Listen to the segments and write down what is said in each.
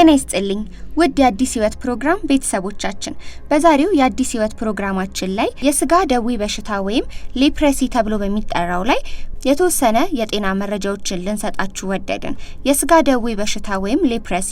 ጤና ይስጥልኝ ውድ የአዲስ ህይወት ፕሮግራም ቤተሰቦቻችን፣ በዛሬው የአዲስ ህይወት ፕሮግራማችን ላይ የስጋ ደዌ በሽታ ወይም ሌፕረሲ ተብሎ በሚጠራው ላይ የተወሰነ የጤና መረጃዎችን ልንሰጣችሁ ወደድን። የስጋ ደዌ በሽታ ወይም ሌፕረሲ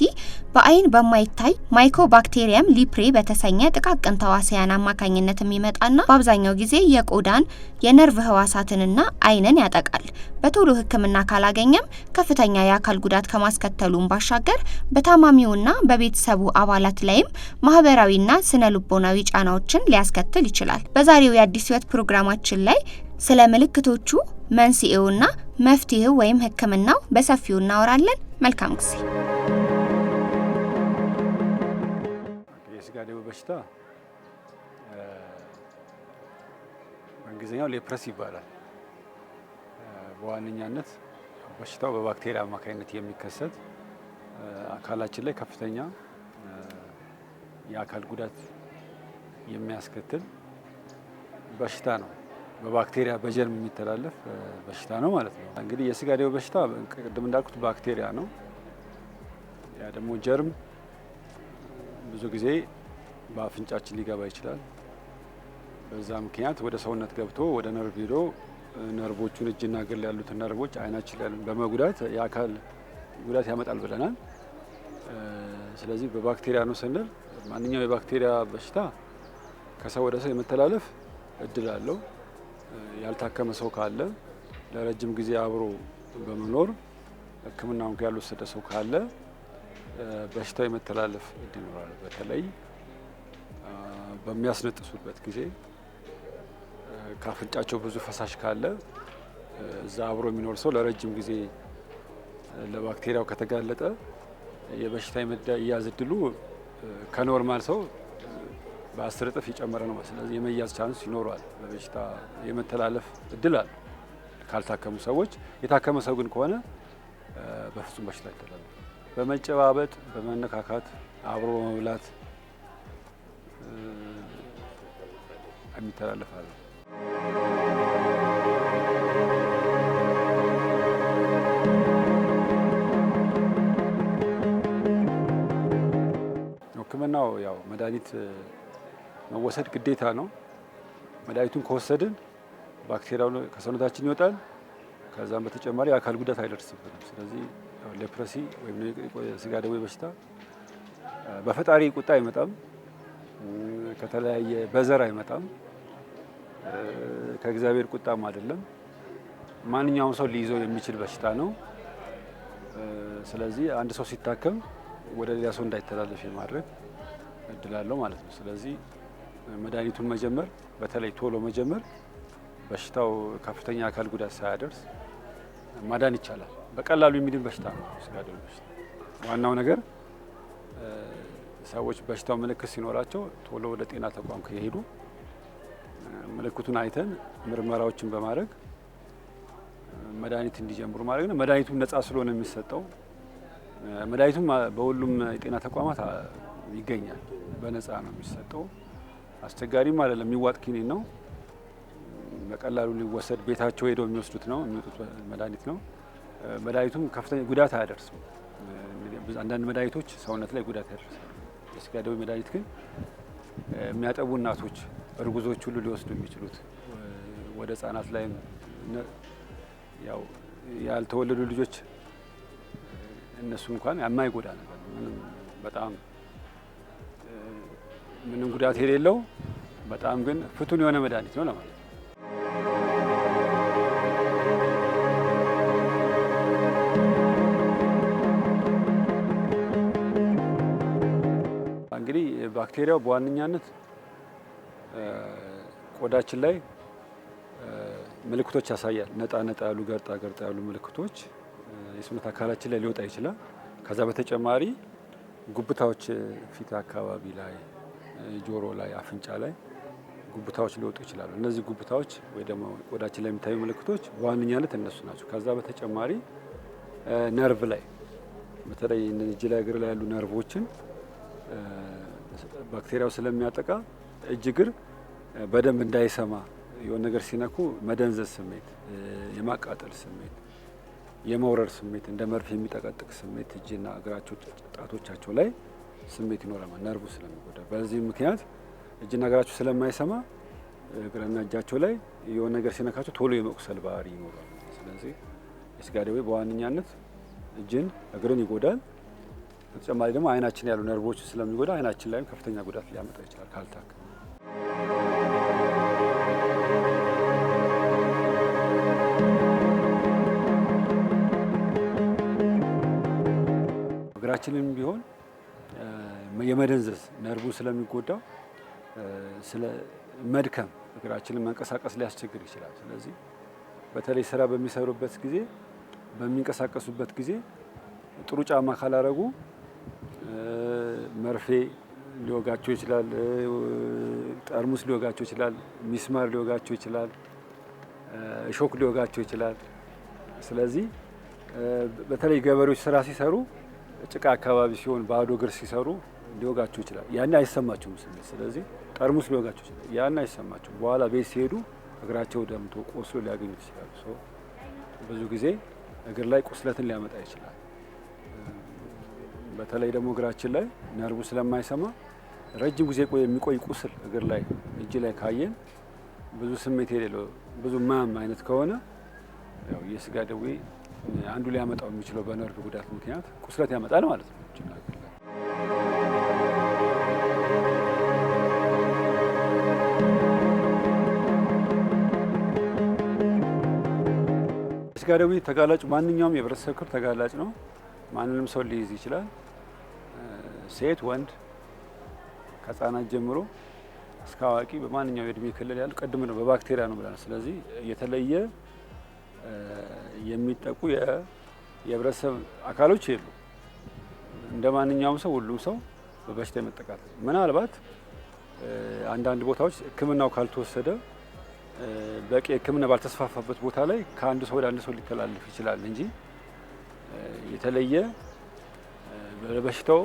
በአይን በማይታይ ማይኮ ባክቴሪየም ሊፕሬ በተሰኘ ጥቃቅን ተዋሲያን አማካኝነት የሚመጣና በአብዛኛው ጊዜ የቆዳን የነርቭ ህዋሳትንና አይንን ያጠቃል። በቶሎ ሕክምና ካላገኘም ከፍተኛ የአካል ጉዳት ከማስከተሉም ባሻገር በታማሚውና በቤተሰቡ አባላት ላይም ማህበራዊና ስነ ልቦናዊ ጫናዎችን ሊያስከትል ይችላል። በዛሬው የአዲስ ህይወት ፕሮግራማችን ላይ ስለ ምልክቶቹ መንስኤውና መፍትሄው ወይም ህክምናው በሰፊው እናወራለን። መልካም ጊዜ። የስጋ ደዌ በሽታ በእንግሊዝኛው ሌፕረስ ይባላል። በዋነኛነት በሽታው በባክቴሪያ አማካኝነት የሚከሰት አካላችን ላይ ከፍተኛ የአካል ጉዳት የሚያስከትል በሽታ ነው። በባክቴሪያ በጀርም የሚተላለፍ በሽታ ነው ማለት ነው። እንግዲህ የስጋ ደዌ በሽታ ቅድም እንዳልኩት ባክቴሪያ ነው። ያ ደግሞ ጀርም ብዙ ጊዜ በአፍንጫችን ሊገባ ይችላል። በዛ ምክንያት ወደ ሰውነት ገብቶ ወደ ነርቭ ሄዶ ነርቮቹን እጅና እግር ያሉትን ነርቮች አይናችን ላይ በመጉዳት የአካል ጉዳት ያመጣል ብለናል። ስለዚህ በባክቴሪያ ነው ስንል ማንኛውም የባክቴሪያ በሽታ ከሰው ወደ ሰው የመተላለፍ እድል አለው። ያልታከመ ሰው ካለ ለረጅም ጊዜ አብሮ በመኖር ሕክምናውን ያልወሰደ ሰው ካለ በሽታው የመተላለፍ እድል ይኖራል። በተለይ በሚያስነጥሱበት ጊዜ ካፍንጫቸው ብዙ ፈሳሽ ካለ እዛ አብሮ የሚኖር ሰው ለረጅም ጊዜ ለባክቴሪያው ከተጋለጠ የበሽታ የመያዝ እድሉ ከኖርማል ሰው በአስር እጥፍ የጨመረ ነው። ስለዚህ የመያዝ ቻንስ ይኖረዋል። በበሽታ የመተላለፍ እድል አለ ካልታከሙ ሰዎች። የታከመ ሰው ግን ከሆነ በፍጹም በሽታ ይተላል። በመጨባበጥ፣ በመነካካት፣ አብሮ በመብላት የሚተላለፋል። ህክምናው ያው መድኃኒት መወሰድ ግዴታ ነው። መድኃኒቱን ከወሰድን ባክቴሪያው ከሰውነታችን ይወጣል። ከዛም በተጨማሪ የአካል ጉዳት አይደርስብንም። ስለዚህ ሌፕረሲ ወይም ስጋ ደዌ በሽታ በፈጣሪ ቁጣ አይመጣም፣ ከተለያየ በዘር አይመጣም፣ ከእግዚአብሔር ቁጣም አይደለም። ማንኛውም ሰው ሊይዘው የሚችል በሽታ ነው። ስለዚህ አንድ ሰው ሲታከም ወደ ሌላ ሰው እንዳይተላለፍ የማድረግ እድል አለው ማለት ነው። ስለዚህ መድኃኒቱን መጀመር በተለይ ቶሎ መጀመር በሽታው ከፍተኛ አካል ጉዳት ሳያደርስ ማዳን ይቻላል። በቀላሉ የሚድን በሽታ ነው ስጋ በሽታ። ዋናው ነገር ሰዎች በሽታው ምልክት ሲኖራቸው ቶሎ ወደ ጤና ተቋም ከሄዱ ምልክቱን አይተን ምርመራዎችን በማድረግ መድኃኒት እንዲጀምሩ ማድረግ ነው። መድኃኒቱም ነጻ ስለሆነ የሚሰጠው መድኃኒቱም በሁሉም የጤና ተቋማት ይገኛል፣ በነጻ ነው የሚሰጠው። አስቸጋሪም አይደለም። የሚዋጥ ኪኒን ነው፣ በቀላሉ ሊወሰድ ቤታቸው ሄደው የሚወስዱት ነው የሚወጡት መድኃኒት ነው። መድኃኒቱም ከፍተኛ ጉዳት አያደርስም። አንዳንድ መድኃኒቶች ሰውነት ላይ ጉዳት ያደርሳል። የስጋ ደዌ መድኃኒት ግን የሚያጠቡ እናቶች፣ እርጉዞች ሁሉ ሊወስዱ የሚችሉት ወደ ህጻናት ላይ ያው ያልተወለዱ ልጆች እነሱ እንኳን የማይጎዳ ነገር በጣም ምንም ጉዳት የሌለው በጣም ግን ፍቱን የሆነ መድኃኒት ነው ለማለት ነው። እንግዲህ ባክቴሪያው በዋነኛነት ቆዳችን ላይ ምልክቶች ያሳያል። ነጣ ነጣ ያሉ ገርጣ ገርጣ ያሉ ምልክቶች የሰውነት አካላችን ላይ ሊወጣ ይችላል። ከዛ በተጨማሪ ጉብታዎች ፊት አካባቢ ላይ ጆሮ ላይ፣ አፍንጫ ላይ ጉብታዎች ሊወጡ ይችላሉ። እነዚህ ጉብታዎች ወይ ደግሞ ቆዳችን ላይ የሚታዩ ምልክቶች በዋነኛነት እነሱ ናቸው። ከዛ በተጨማሪ ነርቭ ላይ በተለይ እጅ ላይ እግር ላይ ያሉ ነርቮችን ባክቴሪያው ስለሚያጠቃ እጅ እግር በደንብ እንዳይሰማ የሆነ ነገር ሲነኩ መደንዘዝ ስሜት፣ የማቃጠል ስሜት፣ የመውረር ስሜት እንደ መርፌ የሚጠቀጥቅ ስሜት እጅና እግራቸው ጣቶቻቸው ላይ ስሜት ይኖረማል። ነርቡ ስለሚጎዳ በዚህ ምክንያት እጅና እግራቸው ስለማይሰማ እግርና እጃቸው ላይ የሆነ ነገር ሲነካቸው ቶሎ የመቁሰል ባህሪ ይኖራል። ስለዚህ የስጋ ደዌ በዋነኛነት እጅን እግርን ይጎዳል። በተጨማሪ ደግሞ አይናችን ያሉ ነርቦች ስለሚጎዳ አይናችን ላይም ከፍተኛ ጉዳት ሊያመጣ ይችላል ካልታክ እግራችንም ቢሆን የመደንዘዝ ነርቡ ስለሚጎዳው ስለ መድከም እግራችንን መንቀሳቀስ ሊያስቸግር ይችላል። ስለዚህ በተለይ ስራ በሚሰሩበት ጊዜ በሚንቀሳቀሱበት ጊዜ ጥሩ ጫማ ካላረጉ መርፌ ሊወጋቸው ይችላል፣ ጠርሙስ ሊወጋቸው ይችላል፣ ሚስማር ሊወጋቸው ይችላል፣ እሾክ ሊወጋቸው ይችላል። ስለዚህ በተለይ ገበሬዎች ስራ ሲሰሩ ጭቃ አካባቢ ሲሆን ባዶ እግር ሲሰሩ ሊወጋችሁ ይችላል። ያን አይሰማችሁም ስሜት። ስለዚህ ጠርሙስ ሊወጋችሁ ይችላል። ያን አይሰማችሁም። በኋላ ቤት ሲሄዱ እግራቸው ደምቶ ቆስሎ ሊያገኙት ይችላሉ። ብዙ ጊዜ እግር ላይ ቁስለትን ሊያመጣ ይችላል። በተለይ ደግሞ እግራችን ላይ ነርቡ ስለማይሰማ ረጅም ጊዜ የሚቆይ ቁስል እግር ላይ እጅ ላይ ካየን ብዙ ስሜት የሌለው ብዙ ማም አይነት ከሆነ የስጋ ደዌ አንዱ ሊያመጣው የሚችለው በነርቭ ጉዳት ምክንያት ቁስለት ያመጣል ማለት ነው። ጋር ደግሞ ተጋላጭ ማንኛውም የህብረተሰብ ክፍል ተጋላጭ ነው። ማንንም ሰው ሊይዝ ይችላል። ሴት፣ ወንድ ከህጻናት ጀምሮ እስከ አዋቂ በማንኛውም የእድሜ ክልል ያሉ ቅድም ነው በባክቴሪያ ነው ብለናል። ስለዚህ የተለየ የሚጠቁ የህብረተሰብ አካሎች የሉ። እንደ ማንኛውም ሰው ሁሉም ሰው በበሽታ የመጠቃት ምናልባት አንዳንድ ቦታዎች ህክምናው ካልተወሰደ በቂ ሕክምና ባልተስፋፋበት ቦታ ላይ ከአንድ ሰው ወደ አንድ ሰው ሊተላለፍ ይችላል እንጂ የተለየ በሽታው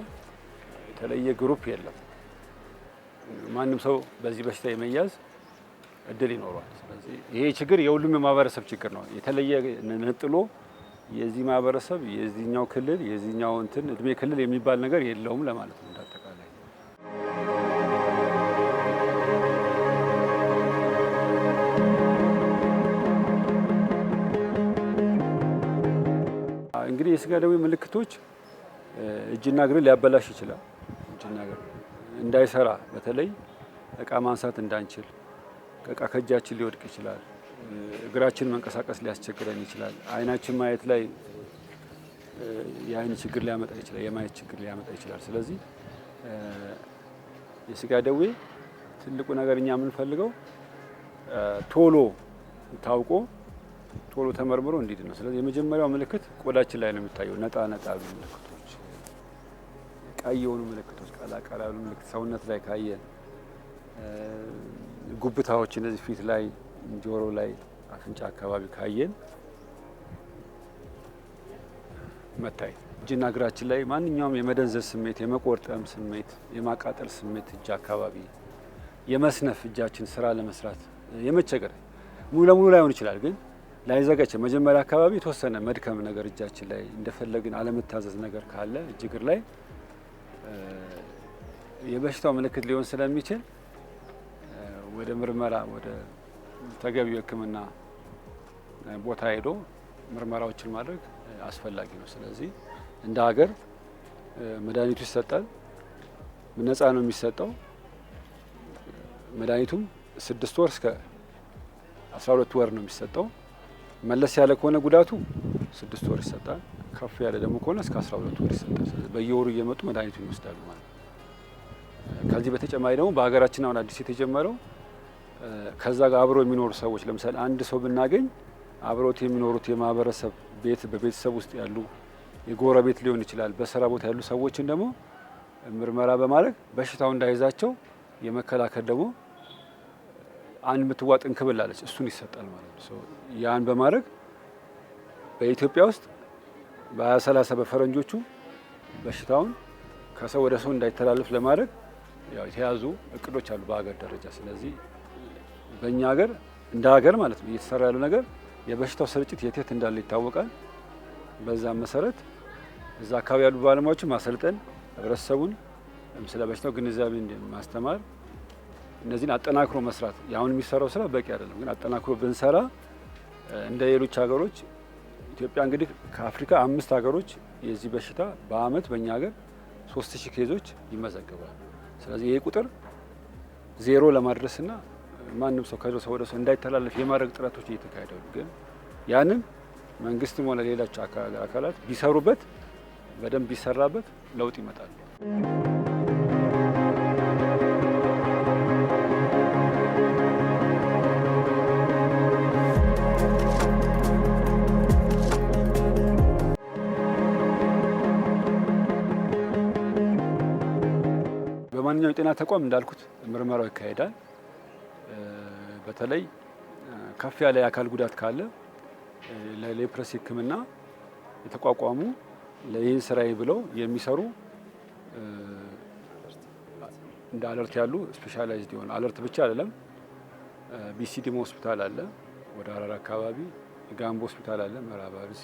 የተለየ ግሩፕ የለም። ማንም ሰው በዚህ በሽታ የመያዝ እድል ይኖረዋል። ስለዚህ ይሄ ችግር የሁሉም የማህበረሰብ ችግር ነው። የተለየ ነጥሎ የዚህ ማህበረሰብ የዚህኛው ክልል የዚህኛው እንትን እድሜ ክልል የሚባል ነገር የለውም ለማለት ነው። የስጋ ደዌ ምልክቶች እጅና እግርን ሊያበላሽ ይችላል። እጅና እግር እንዳይሰራ በተለይ እቃ ማንሳት እንዳንችል፣ እቃ ከእጃችን ሊወድቅ ይችላል። እግራችን መንቀሳቀስ ሊያስቸግረን ይችላል። አይናችን ማየት ላይ የአይን ችግር ሊያመጣ ይችላል። የማየት ችግር ሊያመጣ ይችላል። ስለዚህ የስጋ ደዌ ትልቁ ነገር እኛ የምንፈልገው ቶሎ ታውቆ ቶሎ ተመርምሮ እንዲድን ነው። ስለዚህ የመጀመሪያው ምልክት ቆዳችን ላይ ነው የሚታየው፣ ነጣ ነጣ ያሉ ምልክቶች፣ ቀይ የሆኑ ምልክቶች፣ ቀላቀላ ያሉ ምልክት ሰውነት ላይ ካየን፣ ጉብታዎች እነዚህ ፊት ላይ፣ ጆሮ ላይ፣ አፍንጫ አካባቢ ካየን መታየት እጅና እግራችን ላይ ማንኛውም የመደንዘዝ ስሜት፣ የመቆርጠም ስሜት፣ የማቃጠል ስሜት እጅ አካባቢ የመስነፍ እጃችን ስራ ለመስራት የመቸገር ሙሉ ለሙሉ ላይሆን ይችላል ግን ላይዘጋ መጀመሪያ አካባቢ የተወሰነ መድከም ነገር እጃችን ላይ እንደፈለግን አለመታዘዝ ነገር ካለ እጅ እግር ላይ የበሽታው ምልክት ሊሆን ስለሚችል ወደ ምርመራ ወደ ተገቢው ሕክምና ቦታ ሄዶ ምርመራዎችን ማድረግ አስፈላጊ ነው። ስለዚህ እንደ ሀገር መድኃኒቱ ይሰጣል፣ ነፃ ነው የሚሰጠው። መድኃኒቱም ስድስት ወር እስከ አስራ ሁለት ወር ነው የሚሰጠው። መለስ ያለ ከሆነ ጉዳቱ ስድስት ወር ይሰጣል። ከፍ ያለ ደግሞ ከሆነ እስከ አስራ ሁለት ወር ይሰጣል። በየወሩ እየመጡ መድኃኒቱ ይወስዳሉ ማለት ነው። ከዚህ በተጨማሪ ደግሞ በሀገራችን አሁን አዲስ የተጀመረው ከዛ ጋር አብረው የሚኖሩ ሰዎች ለምሳሌ አንድ ሰው ብናገኝ አብረውት የሚኖሩት የማህበረሰብ ቤት በቤተሰብ ውስጥ ያሉ የጎረቤት ሊሆን ይችላል። በስራ ቦታ ያሉ ሰዎችን ደግሞ ምርመራ በማድረግ በሽታው እንዳይዛቸው የመከላከል ደግሞ አንድ የምትዋጥ እንክብል አለች። እሱን ይሰጣል ማለት ነው። ያን በማድረግ በኢትዮጵያ ውስጥ በሀያ ሰላሳ በፈረንጆቹ በሽታውን ከሰው ወደ ሰው እንዳይተላለፍ ለማድረግ ያው የተያዙ እቅዶች አሉ በሀገር ደረጃ። ስለዚህ በእኛ ሀገር እንደ ሀገር ማለት ነው እየተሰራ ያለው ነገር የበሽታው ስርጭት የት የት እንዳለ ይታወቃል። በዛም መሰረት እዛ አካባቢ ያሉ ባለሙያዎችን ማሰልጠን፣ ህብረተሰቡን ስለ በሽታው ግንዛቤ ማስተማር እነዚህን አጠናክሮ መስራት አሁን የሚሰራው ስራ በቂ አይደለም፣ ግን አጠናክሮ ብንሰራ እንደ ሌሎች ሀገሮች ኢትዮጵያ እንግዲህ ከአፍሪካ አምስት ሀገሮች የዚህ በሽታ በአመት በእኛ ሀገር ሶስት ሺህ ኬዞች ይመዘግባል። ስለዚህ ይህ ቁጥር ዜሮ ለማድረስና ማንም ሰው ሰው ወደ ሰው እንዳይተላለፍ የማድረግ ጥረቶች እየተካሄዳሉ። ግን ያንን መንግስትም ሆነ ሌላቸው አካላት ቢሰሩበት፣ በደንብ ቢሰራበት ለውጥ ይመጣል። በማንኛውም የጤና ተቋም እንዳልኩት ምርመራው ይካሄዳል። በተለይ ከፍ ያለ የአካል ጉዳት ካለ ለሌፕረሲ ሕክምና የተቋቋሙ ለይህን ስራዬ ብለው የሚሰሩ እንደ አለርት ያሉ ስፔሻላይዝድ የሆነ አለርት ብቻ አይደለም። ቢሲዲሞ ሆስፒታል አለ ወደ ሀረር አካባቢ፣ ጋምቦ ሆስፒታል አለ ምዕራብ አርሲ፣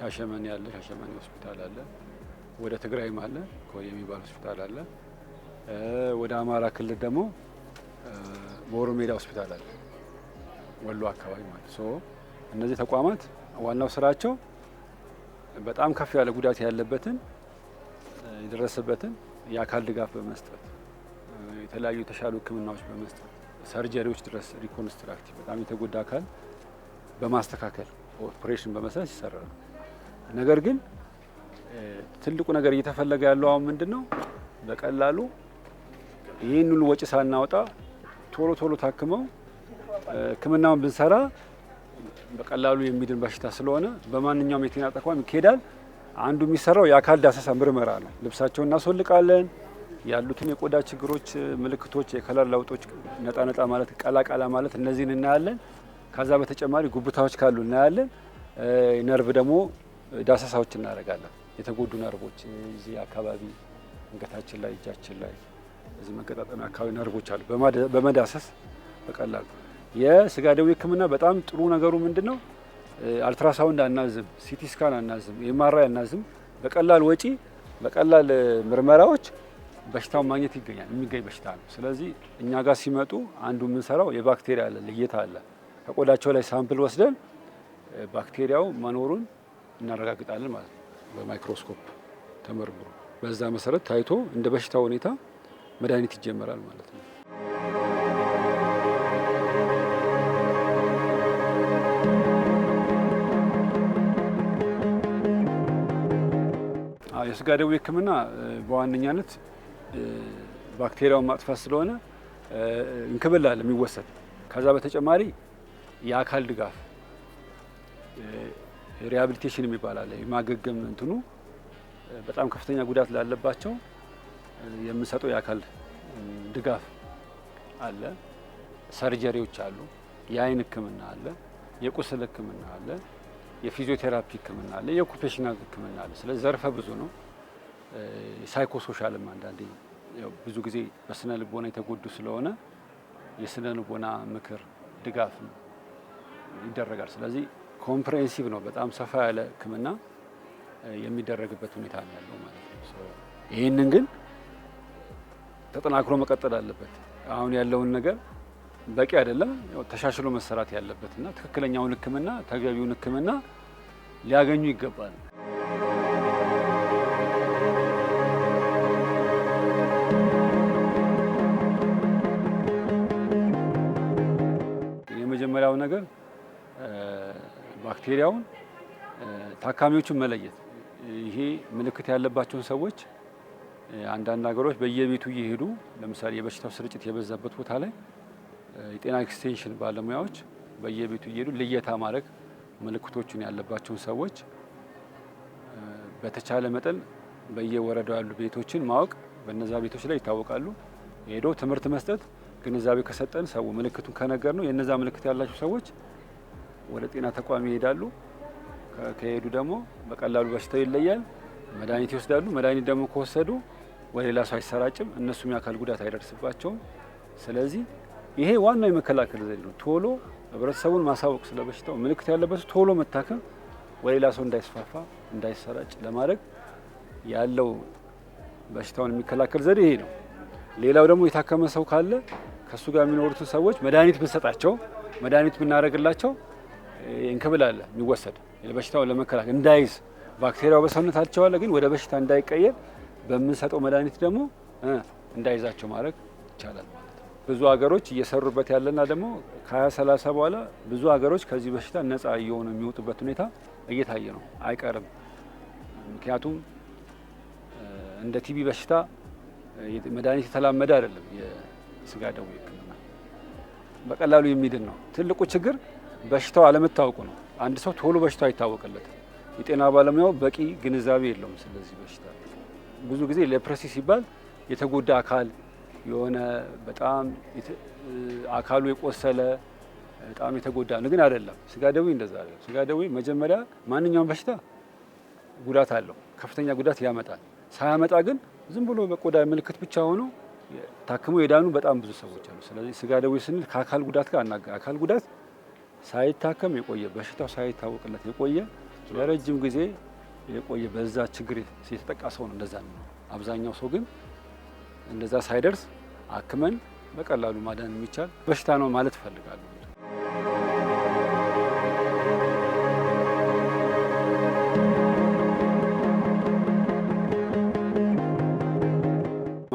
ሻሸመኔ አለ ሻሸመኔ ሆስፒታል አለ፣ ወደ ትግራይም አለ የሚባል ሆስፒታል አለ። ወደ አማራ ክልል ደግሞ ቦሮ ሜዳ ሆስፒታል አለ ወሎ አካባቢ ማለት ሶ እነዚህ ተቋማት ዋናው ስራቸው በጣም ከፍ ያለ ጉዳት ያለበትን የደረሰበትን የአካል ድጋፍ በመስጠት የተለያዩ የተሻሉ ሕክምናዎች በመስጠት ሰርጀሪዎች ድረስ ሪኮንስትራክቲቭ በጣም የተጎዳ አካል በማስተካከል ኦፕሬሽን በመስራት ይሰራል። ነገር ግን ትልቁ ነገር እየተፈለገ ያለው አሁን ምንድን ነው በቀላሉ ይህን ሁሉ ወጪ ሳናወጣ ቶሎ ቶሎ ታክመው ሕክምናውን ብንሰራ በቀላሉ የሚድን በሽታ ስለሆነ በማንኛውም የጤና ተቋም ይካሄዳል። አንዱ የሚሰራው የአካል ዳሰሳ ምርመራ ነው። ልብሳቸውን እናስወልቃለን። ያሉትን የቆዳ ችግሮች፣ ምልክቶች፣ የከለር ለውጦች፣ ነጣነጣ ማለት ቀላቀላ ማለት እነዚህን እናያለን። ከዛ በተጨማሪ ጉብታዎች ካሉ እናያለን። ነርቭ ደግሞ ዳሰሳዎች እናደርጋለን። የተጎዱ ነርቦች እዚህ አካባቢ አንገታችን ላይ፣ እጃችን ላይ እዚህ መገጣጠሚያ አካባቢ ነርቦች አሉ። በመዳሰስ በቀላሉ የስጋ ደዌ ህክምና በጣም ጥሩ ነገሩ ምንድን ነው? አልትራሳውንድ አናዝም፣ ሲቲ ስካን አናዝም፣ ኤምአርአይ አናዝም። በቀላል ወጪ በቀላል ምርመራዎች በሽታውን ማግኘት ይገኛል የሚገኝ በሽታ ነው። ስለዚህ እኛ ጋር ሲመጡ አንዱ የምንሰራው የባክቴሪያ አለ ልየታ አለ። ከቆዳቸው ላይ ሳምፕል ወስደን ባክቴሪያው መኖሩን እናረጋግጣለን ማለት ነው። በማይክሮስኮፕ ተመርምሮ በዛ መሰረት ታይቶ እንደ በሽታው ሁኔታ መድኃኒት ይጀመራል ማለት ነው። የስጋ ደዌ ሕክምና በዋነኛነት ባክቴሪያውን ማጥፋት ስለሆነ እንክብላል የሚወሰድ። ከዛ በተጨማሪ የአካል ድጋፍ ሪሃብሊቴሽን የሚባል አለ። የማገገም እንትኑ በጣም ከፍተኛ ጉዳት ላለባቸው የምንሰጠው የአካል ድጋፍ አለ፣ ሰርጀሪዎች አሉ፣ የአይን ህክምና አለ፣ የቁስል ህክምና አለ፣ የፊዚዮቴራፒ ህክምና አለ፣ የኦኩፔሽናል ህክምና አለ። ስለዚህ ዘርፈ ብዙ ነው። ሳይኮሶሻልም አንዳንዴ ብዙ ጊዜ በስነ ልቦና የተጎዱ ስለሆነ የስነ ልቦና ምክር ድጋፍ ይደረጋል። ስለዚህ ኮምፕሬሄንሲቭ ነው፣ በጣም ሰፋ ያለ ህክምና የሚደረግበት ሁኔታ ነው ያለው ማለት ነው። ይህንን ግን ተጠናክሮ መቀጠል አለበት። አሁን ያለውን ነገር በቂ አይደለም፣ ተሻሽሎ መሰራት ያለበት እና ትክክለኛውን ሕክምና ተገቢውን ሕክምና ሊያገኙ ይገባል። የመጀመሪያው ነገር ባክቴሪያውን ታካሚዎቹን መለየት ይሄ ምልክት ያለባቸውን ሰዎች አንዳንድ ሀገሮች በየቤቱ እየሄዱ ለምሳሌ የበሽታው ስርጭት የበዛበት ቦታ ላይ የጤና ኤክስቴንሽን ባለሙያዎች በየቤቱ እየሄዱ ልየታ ማድረግ ምልክቶቹን ያለባቸውን ሰዎች በተቻለ መጠን በየወረዳው ያሉ ቤቶችን ማወቅ፣ በነዛ ቤቶች ላይ ይታወቃሉ ሄዶ ትምህርት መስጠት ግንዛቤ ከሰጠን ሰው ምልክቱን ከነገር ነው የነዛ ምልክት ያላቸው ሰዎች ወደ ጤና ተቋም ይሄዳሉ። ከሄዱ ደግሞ በቀላሉ በሽታው ይለያል፣ መድኃኒት ይወስዳሉ። መድኃኒት ደግሞ ከወሰዱ ወደሌላ ሰው አይሰራጭም፣ እነሱም የአካል ጉዳት አይደርስባቸውም። ስለዚህ ይሄ ዋናው የመከላከል ዘዴ ነው። ቶሎ ህብረተሰቡን ማሳወቅ ስለበሽታው፣ ምልክት ያለበት ቶሎ መታከም፣ ወሌላ ሰው እንዳይስፋፋ እንዳይሰራጭ ለማድረግ ያለው በሽታውን የሚከላከል ዘዴ ይሄ ነው። ሌላው ደግሞ የታከመ ሰው ካለ ከእሱ ጋር የሚኖሩትን ሰዎች መድኃኒት ብንሰጣቸው መድኃኒት ብናደርግላቸው እንክብል አለ የሚወሰድ በሽታውን ለመከላከል እንዳይዝ ባክቴሪያው በሰውነታቸው አለ ግን ወደ በሽታ እንዳይቀየር በምንሰጠው መድኃኒት ደግሞ እንዳይዛቸው ማድረግ ይቻላል ብዙ ሀገሮች እየሰሩበት ያለና ደግሞ ከሀያ ሰላሳ በኋላ ብዙ ሀገሮች ከዚህ በሽታ ነጻ እየሆኑ የሚወጡበት ሁኔታ እየታየ ነው፣ አይቀርም። ምክንያቱም እንደ ቲቢ በሽታ መድኃኒት የተላመደ አይደለም። የስጋ ደዌ ሕክምና በቀላሉ የሚድን ነው። ትልቁ ችግር በሽታው አለመታወቁ ነው። አንድ ሰው ቶሎ በሽታው አይታወቅለትም። የጤና ባለሙያው በቂ ግንዛቤ የለውም ስለዚህ በሽታ ብዙ ጊዜ ሌፕረሲ ሲባል የተጎዳ አካል የሆነ በጣም አካሉ የቆሰለ በጣም የተጎዳ ነው፣ ግን አይደለም። ስጋ ደዌ እንደዛ አይደለም። ስጋ ደዌ መጀመሪያ ማንኛውም በሽታ ጉዳት አለው፣ ከፍተኛ ጉዳት ያመጣል። ሳያመጣ ግን ዝም ብሎ በቆዳ ምልክት ብቻ ሆኖ ታክሞ የዳኑ በጣም ብዙ ሰዎች አሉ። ስለዚህ ስጋ ደዌ ስንል ከአካል ጉዳት ጋር አናገ አካል ጉዳት ሳይታከም የቆየ በሽታው ሳይታወቅለት የቆየ ለረጅም ጊዜ የቆየ በዛ ችግር የተጠቃ ሰው ነው እንደዛ ነው። አብዛኛው ሰው ግን እንደዛ ሳይደርስ አክመን በቀላሉ ማዳን የሚቻል በሽታ ነው ማለት እፈልጋለሁ።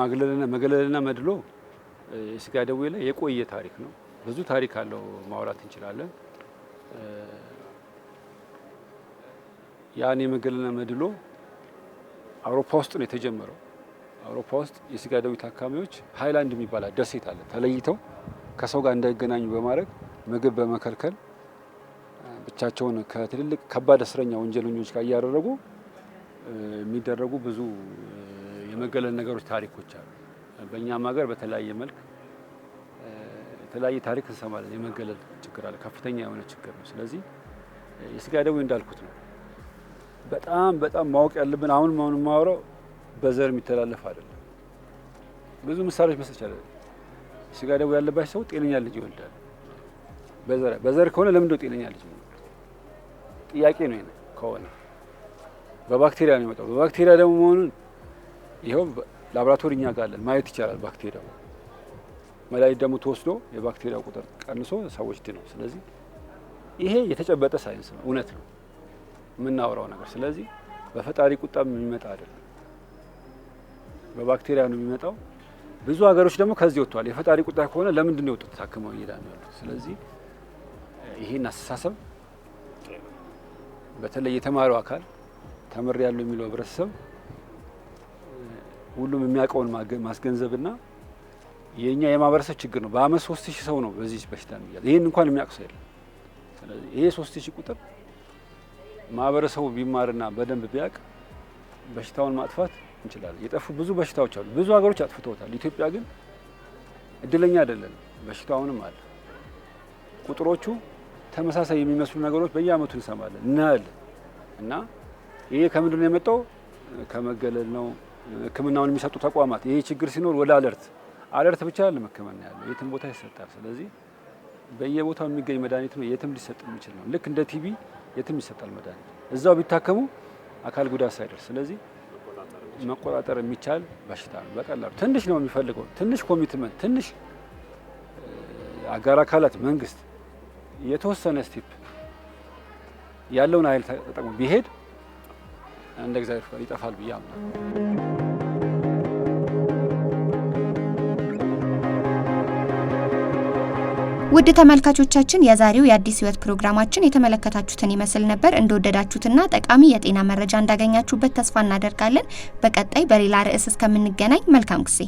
ማግለልና መገለልና መድሎ የስጋ ደዌ ላይ የቆየ ታሪክ ነው። ብዙ ታሪክ አለው፣ ማውራት እንችላለን። ያን የመገለል መድሎ አውሮፓ ውስጥ ነው የተጀመረው። አውሮፓ ውስጥ የስጋ ደዌ ታካሚዎች ሃይላንድ የሚባል ደሴት አለ። ተለይተው ከሰው ጋር እንዳይገናኙ በማድረግ ምግብ በመከልከል ብቻቸውን ከትልልቅ ከባድ እስረኛ ወንጀለኞች ጋር እያደረጉ የሚደረጉ ብዙ የመገለል ነገሮች ታሪኮች አሉ። በእኛም ሀገር በተለያየ መልክ የተለያየ ታሪክ እንሰማለን። የመገለል ችግር አለ፣ ከፍተኛ የሆነ ችግር ነው። ስለዚህ የስጋ ደዌ እንዳልኩት ነው በጣም በጣም ማወቅ ያለብን አሁን ማሁን የማወራው በዘር የሚተላለፍ አይደለም። ብዙ ምሳሌዎች መስጠት ይቻላል። ስጋ ያለባቸው ሰው ጤነኛ ልጅ ይወልዳል። በዘር ከሆነ ለምንድነው ጤነኛ ልጅ ጥያቄ ነው። ከሆነ በባክቴሪያ ነው የመጣው። በባክቴሪያ ደግሞ መሆኑን ይኸው ላብራቶሪ እኛ ጋር አለን ማየት ይቻላል። ባክቴሪያው መላይ ደግሞ ተወስዶ የባክቴሪያው ቁጥር ቀንሶ ሰዎች ድነው። ስለዚህ ይሄ የተጨበጠ ሳይንስ ነው፣ እውነት ነው። የምናወራው ነገር። ስለዚህ በፈጣሪ ቁጣ የሚመጣ አይደለም፣ በባክቴሪያ ነው የሚመጣው። ብዙ ሀገሮች ደግሞ ከዚህ ወጥተዋል። የፈጣሪ ቁጣ ከሆነ ለምንድን ነው የወጡት? ታክመው እየዳኑ ያሉት። ስለዚህ ይህን አስተሳሰብ በተለይ የተማሪው አካል ተምር ያለው የሚለው ህብረተሰብ ሁሉም የሚያውቀውን ማስገንዘብና የእኛ የማህበረሰብ ችግር ነው። በአመት ሶስት ሺህ ሰው ነው በዚህ በሽታ የሚያዝ። ይህን እንኳን የሚያውቅ ሰው የለም። ስለዚህ ይሄ ሶስት ሺህ ቁጥር ማህበረሰቡ ቢማርና በደንብ ቢያውቅ በሽታውን ማጥፋት እንችላለን። የጠፉ ብዙ በሽታዎች አሉ። ብዙ ሀገሮች አጥፍተውታል። ኢትዮጵያ ግን እድለኛ አይደለም። በሽታውንም አለ። ቁጥሮቹ ተመሳሳይ የሚመስሉ ነገሮች በየአመቱ እንሰማለን እናያለን። እና ይሄ ከምንድን ነው የመጣው? ከመገለል ነው። ሕክምናውን የሚሰጡ ተቋማት ይሄ ችግር ሲኖር ወደ አለርት አለርት ብቻ አይደለም ሕክምና ያለው የትም ቦታ ይሰጣል። ስለዚህ በየቦታው የሚገኝ መድኃኒት ነው፣ የትም ሊሰጥ የሚችል ነው። ልክ እንደ ቲቪ የትም ይሰጣል መድኃኒት እዛው ቢታከሙ አካል ጉዳት ሳይደርስ። ስለዚህ መቆጣጠር የሚቻል በሽታ ነው። በቀላሉ ትንሽ ነው የሚፈልገው፣ ትንሽ ኮሚትመንት፣ ትንሽ አጋር አካላት መንግስት የተወሰነ ስቲፕ ያለውን ኃይል ተጠቅሞ ቢሄድ እንደ እግዚአብሔር ፈቃድ ይጠፋል ብዬ አምናለሁ። ውድ ተመልካቾቻችን የዛሬው የአዲስ ህይወት ፕሮግራማችን የተመለከታችሁትን ይመስል ነበር። እንደወደዳችሁትና ጠቃሚ የጤና መረጃ እንዳገኛችሁበት ተስፋ እናደርጋለን። በቀጣይ በሌላ ርዕስ እስከምንገናኝ መልካም ጊዜ